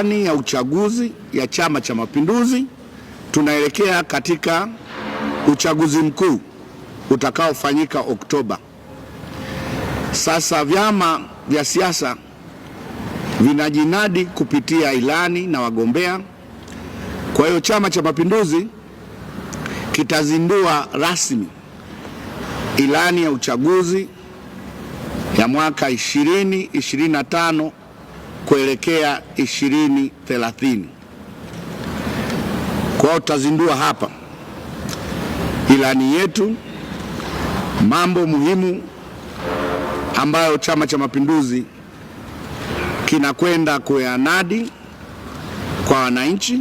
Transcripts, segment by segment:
ilani ya uchaguzi ya Chama cha Mapinduzi, tunaelekea katika uchaguzi mkuu utakaofanyika Oktoba. Sasa vyama vya siasa vinajinadi kupitia ilani na wagombea. Kwa hiyo Chama cha Mapinduzi kitazindua rasmi ilani ya uchaguzi ya mwaka 2025 kuelekea 2030. Kwa tutazindua hapa ilani yetu, mambo muhimu ambayo Chama cha Mapinduzi kinakwenda kuyanadi kwa wananchi,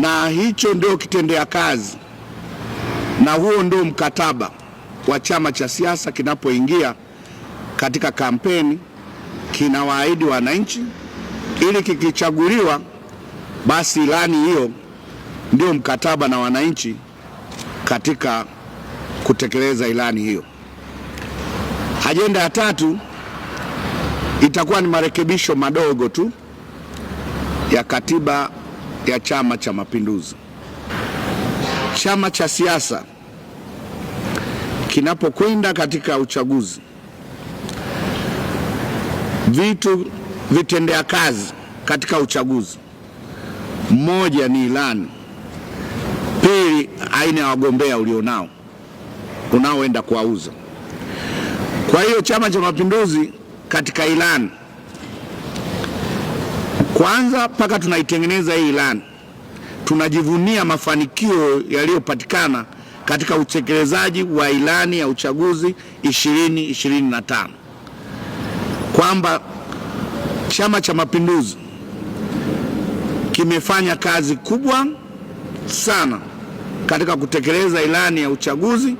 na hicho ndio kitendea kazi na huo ndio mkataba wa chama cha siasa kinapoingia katika kampeni kinawaahidi wananchi ili kikichaguliwa, basi ilani hiyo ndio mkataba na wananchi katika kutekeleza ilani hiyo. Ajenda ya tatu itakuwa ni marekebisho madogo tu ya katiba ya Chama cha Mapinduzi. Chama cha siasa kinapokwenda katika uchaguzi vitu vitendea kazi katika uchaguzi, moja ni ilani, pili aina ya wagombea ulionao unaoenda kuwauza. Kwa hiyo Chama cha Mapinduzi katika ilani kwanza, mpaka tunaitengeneza hii ilani, tunajivunia mafanikio yaliyopatikana katika utekelezaji wa ilani ya uchaguzi 2025 kwamba Chama cha Mapinduzi kimefanya kazi kubwa sana katika kutekeleza ilani ya uchaguzi.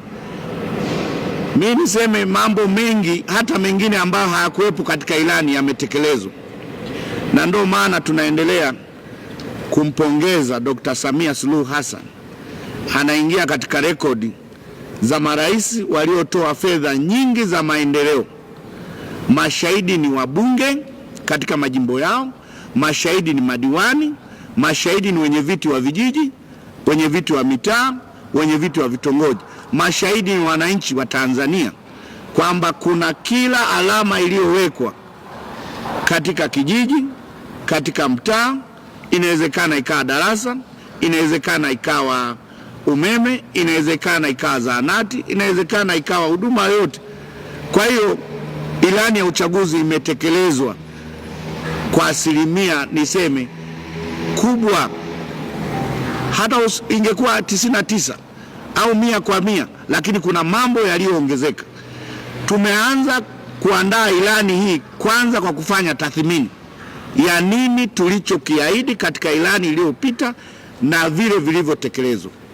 Mimi niseme mambo mengi, hata mengine ambayo hayakuwepo katika ilani yametekelezwa, na ndio maana tunaendelea kumpongeza Dr. Samia Suluhu Hassan, anaingia katika rekodi za marais waliotoa fedha nyingi za maendeleo mashahidi ni wabunge katika majimbo yao, mashahidi ni madiwani, mashahidi ni wenye viti wa vijiji, wenye viti wa mitaa, wenye viti wa vitongoji. Mashahidi ni wananchi wa Tanzania, kwamba kuna kila alama iliyowekwa katika kijiji, katika mtaa, inawezekana ikawa darasa, inawezekana ikawa umeme, inawezekana ikawa zahanati, inawezekana ikawa huduma yoyote. Kwa hiyo Ilani ya uchaguzi imetekelezwa kwa asilimia niseme kubwa, hata ingekuwa 99 au mia kwa mia, lakini kuna mambo yaliyoongezeka. Tumeanza kuandaa ilani hii kwanza kwa kufanya tathmini ya nini tulichokiahidi katika ilani iliyopita na vile vilivyotekelezwa.